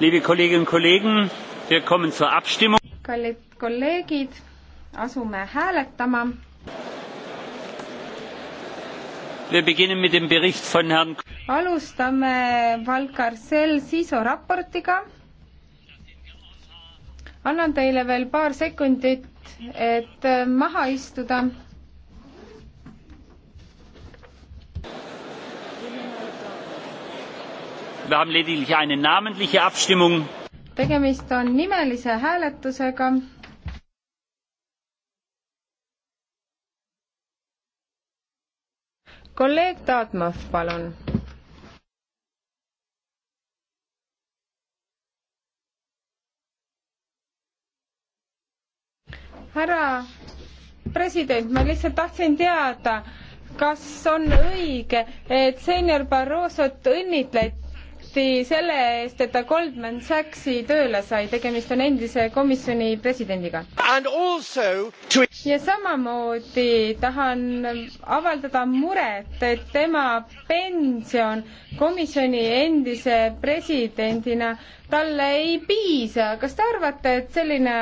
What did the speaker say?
Liebe Kolleginnen und Kollegen, wir kommen zur Abstimmung. kallid kolleegid, asume hääletama. Wir beginnen mit dem Bericht von Herrn alustame Valkarcel Siso raportiga. annan teile veel paar sekundit, et äh, maha istuda tegemist on nimelise hääletusega. kolleeg Taatmov, palun. härra president, ma lihtsalt tahtsin teada, kas on õige, et seenior Barrosot õnnitleti Timothy selle eest, et ta Goldman Sachsi tööle sai, tegemist on endise komisjoni presidendiga. To... ja samamoodi tahan avaldada muret, et tema pension komisjoni endise presidendina talle ei piisa. kas te arvate, et selline